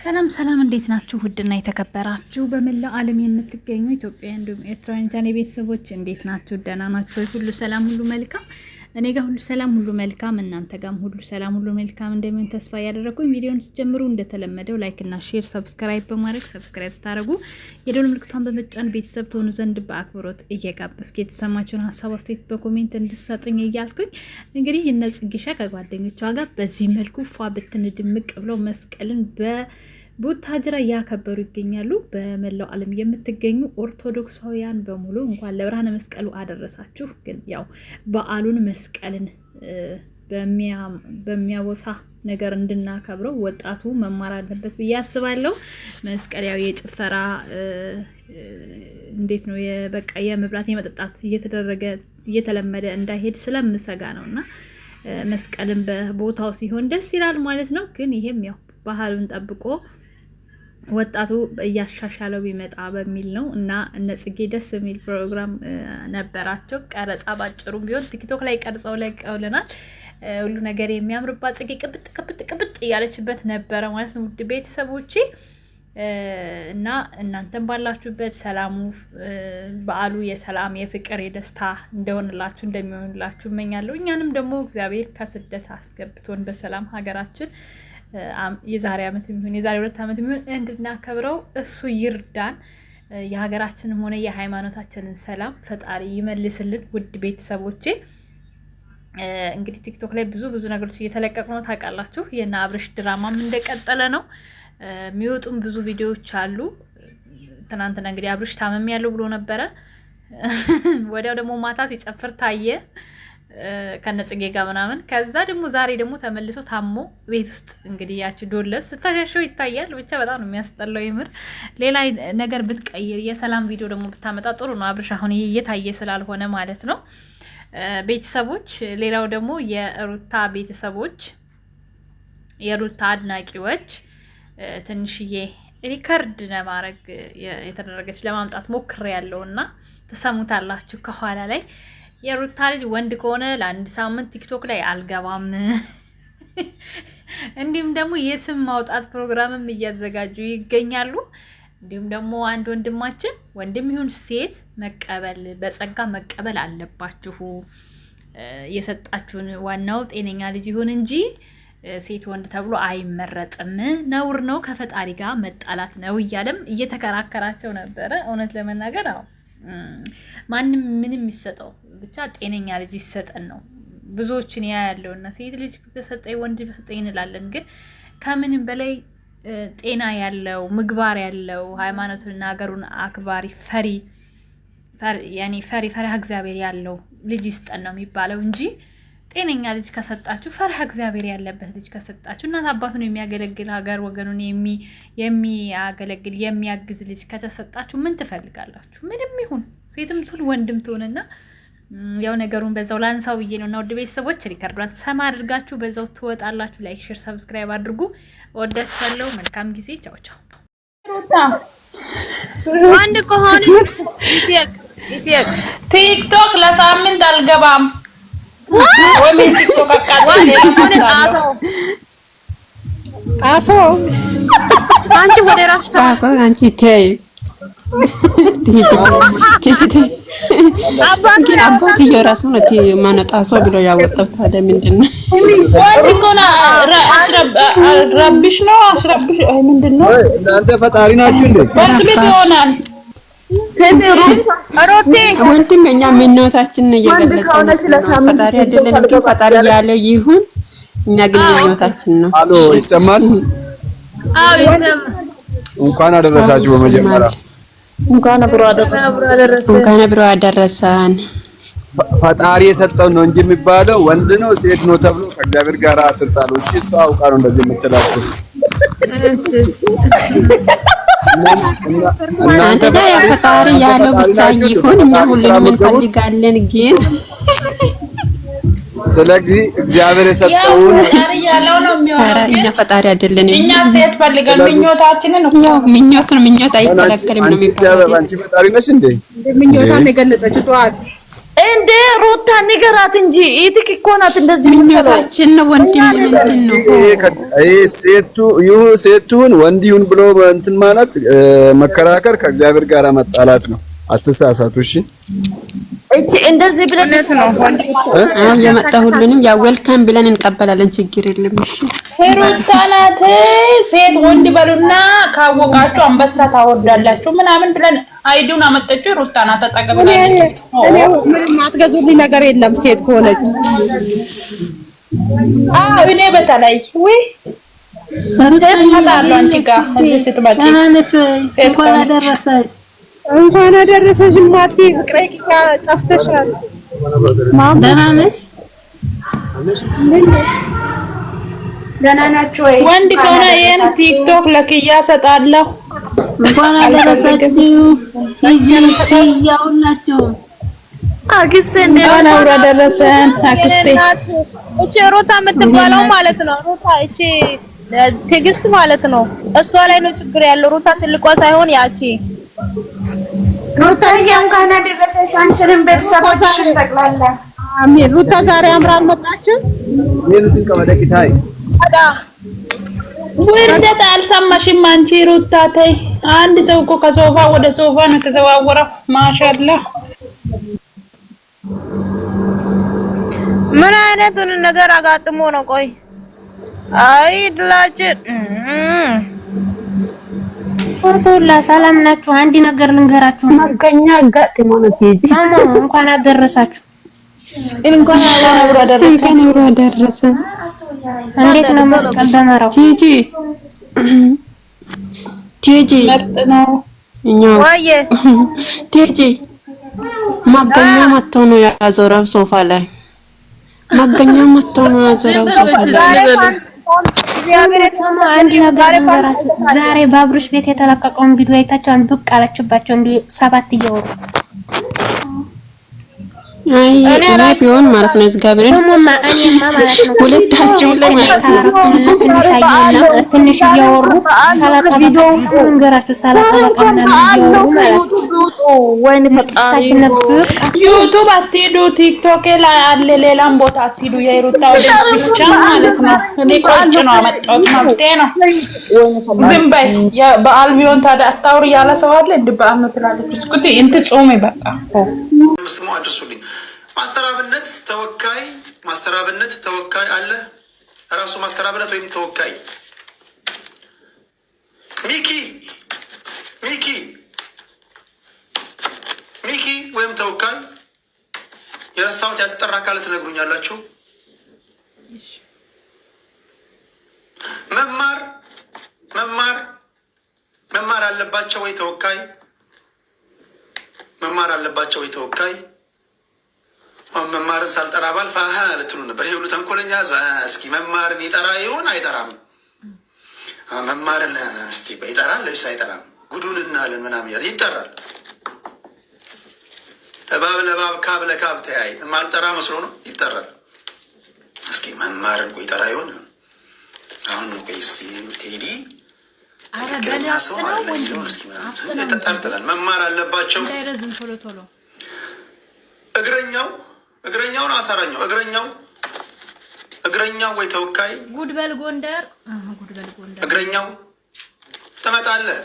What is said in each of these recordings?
ሰላም ሰላም፣ እንዴት ናችሁ? ውድና የተከበራችሁ በመላው ዓለም የምትገኙ ኢትዮጵያ እንዲሁም ኤርትራውያን ጃኔ ቤተሰቦች እንዴት ናችሁ? ደህና ናችሁ? ሁሉ ሰላም፣ ሁሉ መልካም እኔ ጋር ሁሉ ሰላም ሁሉ መልካም፣ እናንተ ጋም ሁሉ ሰላም ሁሉ መልካም እንደሚሆን ተስፋ እያደረግኩኝ ቪዲዮን ስትጀምሩ እንደተለመደው ላይክና ሼር፣ ሰብስክራይብ በማድረግ ሰብስክራይብ ስታደረጉ የደወል ምልክቷን በመጫን ቤተሰብ ትሆኑ ዘንድ በአክብሮት እየጋበዝኩ የተሰማቸውን ሀሳብ አስተያየት በኮሜንት እንድሳጥኝ እያልኩኝ እንግዲህ እነ ጽጌሻ ከጓደኞቿ ጋር በዚህ መልኩ ፏ ብትን ድምቅ ብለው መስቀልን በ ቡታጅራ እያከበሩ ይገኛሉ። በመላው ዓለም የምትገኙ ኦርቶዶክሳውያን በሙሉ እንኳን ለብርሃነ መስቀሉ አደረሳችሁ። ግን ያው በዓሉን መስቀልን በሚያወሳ ነገር እንድናከብረው ወጣቱ መማር አለበት ብዬ አስባለሁ። መስቀል ያው የጭፈራ እንዴት ነው በቃ የመብላት የመጠጣት እየተደረገ እየተለመደ እንዳይሄድ ስለምሰጋ ነው እና መስቀልን በቦታው ሲሆን ደስ ይላል ማለት ነው። ግን ይሄም ያው ባህሉን ጠብቆ ወጣቱ እያሻሻለው ቢመጣ በሚል ነው እና እነ ጽጌ ደስ የሚል ፕሮግራም ነበራቸው። ቀረጻ ባጭሩ ቢሆን ቲክቶክ ላይ ቀርጸው ለቀውልናል። ሁሉ ነገር የሚያምርባት ጽጌ ቅብጥ ቅብጥ ቅብጥ እያለችበት ነበረ ማለት ነው። ውድ ቤተሰቦቼ እና እናንተም ባላችሁበት ሰላሙ በዓሉ የሰላም የፍቅር የደስታ እንደሆንላችሁ እንደሚሆንላችሁ እመኛለሁ። እኛንም ደግሞ እግዚአብሔር ከስደት አስገብቶን በሰላም ሀገራችን የዛሬ ዓመት የሚሆን የዛሬ ሁለት ዓመት የሚሆን እንድናከብረው እሱ ይርዳን። የሀገራችንም ሆነ የሃይማኖታችንን ሰላም ፈጣሪ ይመልስልን። ውድ ቤተሰቦቼ እንግዲህ ቲክቶክ ላይ ብዙ ብዙ ነገሮች እየተለቀቁ ነው ታውቃላችሁ። የና አብርሽ ድራማም እንደቀጠለ ነው። የሚወጡም ብዙ ቪዲዮዎች አሉ። ትናንትና እንግዲህ አብርሽ ታመም ያለው ብሎ ነበረ። ወዲያው ደግሞ ማታ ሲጨፍር ታየ። ከነጽጌ ጋር ምናምን። ከዛ ደግሞ ዛሬ ደግሞ ተመልሶ ታሞ ቤት ውስጥ እንግዲህ ያች ዶለስ ስታሻሸው ይታያል። ብቻ በጣም ነው የሚያስጠላው ይምር ሌላ ነገር ብትቀይር የሰላም ቪዲዮ ደግሞ ብታመጣ ጥሩ ነው አብርሽ፣ አሁን እየታየ ስላልሆነ ማለት ነው። ቤተሰቦች፣ ሌላው ደግሞ የሩታ ቤተሰቦች፣ የሩታ አድናቂዎች ትንሽዬ ሪከርድ ለማድረግ የተደረገች ለማምጣት ሞክሬ ያለው እና ተሰሙታላችሁ ከኋላ ላይ የሩታ ልጅ ወንድ ከሆነ ለአንድ ሳምንት ቲክቶክ ላይ አልገባም። እንዲሁም ደግሞ የስም ማውጣት ፕሮግራምም እያዘጋጁ ይገኛሉ። እንዲሁም ደግሞ አንድ ወንድማችን ወንድም ይሁን ሴት መቀበል በጸጋ መቀበል አለባችሁ። የሰጣችሁን ዋናው ጤነኛ ልጅ ይሁን እንጂ ሴት ወንድ ተብሎ አይመረጥም፣ ነውር ነው፣ ከፈጣሪ ጋር መጣላት ነው እያለም እየተከራከራቸው ነበረ። እውነት ለመናገር አዎ ማንም ምንም ይሰጠው ብቻ ጤነኛ ልጅ ይሰጠን ነው ብዙዎችን ያ ያለው እና ሴት ልጅ በሰጠኝ ወንድ በሰጠኝ እንላለን፣ ግን ከምንም በላይ ጤና ያለው ምግባር ያለው ሃይማኖቱንና ሀገሩን አክባሪ ፈሪ ፈሪ ፈሪሃ እግዚአብሔር ያለው ልጅ ይስጠን ነው የሚባለው እንጂ ጤነኛ ልጅ ከሰጣችሁ ፈርሃ እግዚአብሔር ያለበት ልጅ ከሰጣችሁ እናት አባቱን የሚያገለግል ሀገር ወገኑን የሚያገለግል የሚያግዝ ልጅ ከተሰጣችሁ ምን ትፈልጋላችሁ? ምንም ይሁን ሴትም ትሁን ወንድም ትሁንና ያው ነገሩን በዛው ላንሳው ብዬ ነው። እና ውድ ቤተሰቦች ሪከርዷን ሰማ አድርጋችሁ በዛው ትወጣላችሁ። ላይክ፣ ሼር፣ ሰብስክራይብ አድርጉ። እወዳችኋለሁ። መልካም ጊዜ። ቻው ቻው። አንድ ከሆነ ቲክቶክ ለሳምንት አልገባም ጣሶ አንቺ ወደ እራስሽ ጣሶ አንቺ ተይ አባትዬው ነው ብሎ ያወጣው። ታዲያ ምንድን ነው ረብሽ ነው አስረብሽ ምንድን ነው እናንተ ፈጣሪ ናችሁ እንዴ? ወንድም እኛ ምኞታችንን እየገለጸን ፈጣሪ አይደለንም ግን ፈጣሪ ያለው ይሁን። እኛ ግን ምኞታችን ነው። አሎ ይሰማል? አዎ ይሰማል። እንኳን አደረሳችሁ። በመጀመሪያ እንኳን አብሮ አደረሰን። እንኳን አብሮ አደረሰን። ፈጣሪ የሰጠው ነው እንጂ የሚባለው ወንድ ነው ሴት ነው ተብሎ ከእግዚአብሔር ጋር አትጣሉ። እሺ፣ እሷ አውቃ ነው እንደዚህ የምትላችሁ አንተ ያ ፈጣሪ ያለው ብቻ ይሁን፣ እኛ ሁሉንም እንፈልጋለን። ግን ስለዚህ እግዚአብሔር የሰጠውን እኛ ፈጣሪ አይደለንም። እኛ ሴት ፈልገን ምኞታችንን ነው ምኞት ነው ምኞት አይከለከልም ነው የሚባለው። አንቺ ፈጣሪ ነሽ እንዴ? ምኞታን የገለጸችው ጠዋት እንዴ ሩታ ንገራት እንጂ ኢቲክ እኮ ናት። እንደዚህ ነው። ወንድም ሴቱ ይሁ ሴቱን ብሎ እንትን ማለት መከራከር ከእግዚአብሔር ጋር መጣላት ነው። አትሳሳቱ እሺ። እቺ እንደዚህ ብለነት ነው አሁን የመጣ ሁሉንም ያ ዌልካም ብለን እንቀበላለን። ችግር የለም። እሺ ሄሩት ናት ሴት ወንድ በሉና ካወቃችሁ አንበሳ ታወርዳላችሁ ምናምን ብለን አይዱን አመጣችሁ። ሩታ ናት ተጠቅመና እኔ ምንም አትገዙልኝ ነገር የለም ሴት ከሆነች አዎ እኔ በተለይ ወይ ሩታ ታላላችሁ አንቺ ጋር እዚህ ስትመጪ እንኳን አደረሰሽ እንኳን አደረሰሽ ማቲ፣ ፍቅሬ ጠፍተሻል። ደህና ነሽ? ደህና ናችሁ ወይ? ወንድ ከሆነ ይሄን ቲክቶክ ለክያ ሰጣለሁ። እንኳን አደረሳችሁ። ይያውላችሁ አክስቴ እንደሆነ አውራ ደረሰን። አክስቴ እቺ ሩታ የምትባለው ማለት ነው። ሩታ እቺ ትዕግስት ማለት ነው። እሷ ላይ ነው ችግር ያለው። ሮታ ትልቋ ሳይሆን ያቺ ሩታዬ እንኳን አደረሰሽ። አንቺንም ቤተሰቦችሽን ጠቅላላ አሜን። ሩታ ዛሬ አምራ አልመጣችም። ውርደት አልሰማሽም አንቺ ሩታ ተይ። አንድ ሰው እኮ ከሶፋ ወደ ሶፋ ነው የተዘዋወረው። ማሻላ ምን አይነቱን ነገር አጋጥሞ ነው? ቆይ አይ ድላጭ ወርቶላ ሰላም ናችሁ? አንድ ነገር ልንገራችሁ። መገኛ ማለት ነው ቲጂ እንኳን አደረሳችሁ። እንኳን አብሮ አደረሰ። እንዴት ነው መስቀል ደመራው? ቲጂ ቲጂ ነው። እኛ ወይ ቲጂ መገኛ መጥቶ ነው ያዞረው ሶፋ ላይ መገኛ መጥቶ ነው ያዞረው ሶፋ ላይ አንድ ዛሬ በአብርሽ ቤት የተለቀቀውን ቪዲዮ አይታችኋል? ብቅ አለችባቸው እንዲሁ ሰባት እየወሩ እኔ ቢሆን ማለት ነው እግዚአብሔርን ሁለታችሁ ላይ ትንሽ እያወሩ ዩቱብ አትሄዱ፣ ቲክቶክ ላይ አለ፣ ሌላም ቦታ አትሄዱ። የሩታ ብቻ ማለት ነው። እኔ ቆጭ ነው አመጣሁት መብቴ ነው። ዝም በይ። በዓል ቢሆን ታዲያ አታውሪ ያለ ሰው አለ። እንደ በዓል ነው ትላለች። እስኩት ጾሜ በቃ ስሙ አድርሱልኝ። ማስተራብነት ተወካይ ማስተራብነት ተወካይ አለ ራሱ ማስተራብነት ወይም ተወካይ ሚኪ ሚኪ ሚኪ ወይም ተወካይ የረሳሁት ያልተጠራ ካለ ትነግሩኛላችሁ። መማር መማር መማር አለባቸው ወይ ተወካይ መማር አለባቸው የተወካይ መማርን ሳልጠራ ባልፍ ልትሉ ነበር። ይሄ ሁሉ ተንኮለኛ ህዝብ እስኪ መማርን ይጠራ ይሆን አይጠራም? መማርን እስቲ ይጠራል ወይስ አይጠራም? ጉዱን እናለን ምናምን ያል ይጠራል። እባብ ለባብ ካብ ለካብ ተያይ ማልጠራ መስሎ ነው ይጠራል። እስኪ መማርን ቆይ ይጠራ ይሆን አሁን ቀይስ ሄዲ ተጠርጥረን መማር አለባቸው። እግረኛው እግረኛውን አሰራኛው እግረኛው እግረኛው ወይ ተወካይ ጉድበል ጎንደር እግረኛው ትመጣለህ።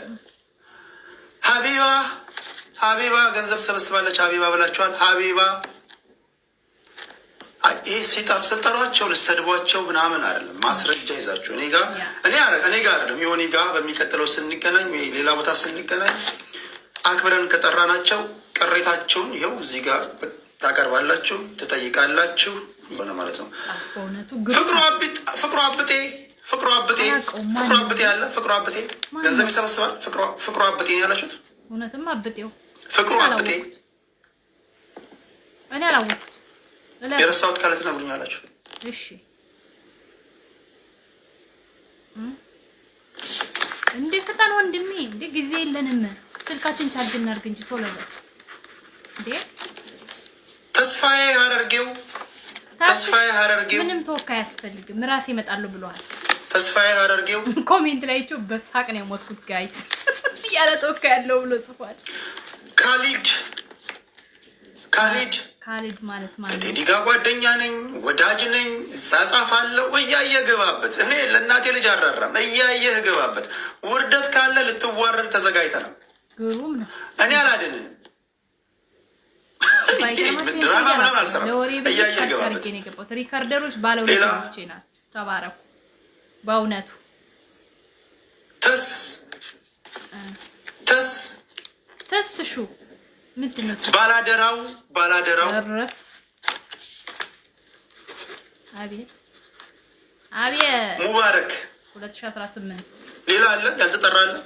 ሀቢባ ሀቢባ ገንዘብ ሰበስባለች። ሀቢባ ብላችኋል። ሀቢባ ይህ ሴጣን ስጠሯቸው ልሰድቧቸው ምናምን አይደለም። ማስረጃ ይዛችሁ እኔ ጋ እኔ ጋር አይደለም የሆኔ ጋ በሚቀጥለው ስንገናኝ ወይ ሌላ ቦታ ስንገናኝ አክብረን ከጠራናቸው ቅሬታቸውን ይኸው እዚህ ጋር ታቀርባላችሁ፣ ትጠይቃላችሁ ሆነ ማለት ነው። ፍቅሩ አብጤ ፍቅሩ አብጤ ፍቅሩ አብጤ ያለ ፍቅሩ አብጤ ገንዘብ ይሰበስባል። ፍቅሩ አብጤ ነው ያላችሁት። እውነትም አብጤው ፍቅሩ አብጤ እኔ አላወቅኩት የረሳሁት ካለ ትነግሩኛላችሁ። እሺ እንዴ ፍጠን ወንድሜ፣ እንዴ ጊዜ የለንም። ስልካችን ቻርጅ እናድርግ እንጂ ቶሎ በል እንዴ። ተስፋዬ ሀረርጌው ተስፋዬ ሀረርጌው ምንም ተወካይ አያስፈልግም ራሴ እመጣለሁ ብለዋል። ተስፋዬ ሀረርጌው ኮሜንት ላይ ቸው በሳቅ ነው የሞትኩት ጋይስ እያለ ተወካይ ያለው ብሎ ጽፏል። ካሊድ ካሊድ ካሊድ ማለት ማለት እዚህ ጋር ጓደኛ ነኝ ወዳጅ ነኝ እጻጻፋለሁ እያየህ ግባበት። እኔ ለእናቴ ልጅ አራራም እያየህ ግባበት። ውርደት ካለ ልትዋረድ ተዘጋጅተ ነው። ግሩም ነው። እኔ አላድንህም። ድራማ ምናምን አልሰራም። እያየህ ግባበት። ሪከርደሮች ናቸው። ተባረኩ በእውነቱ ተስ ተስ ባላደራው ባላደራው አቤት አቤት ሙባረክ 2018 ሌላ አለ ያልተጠራ አለ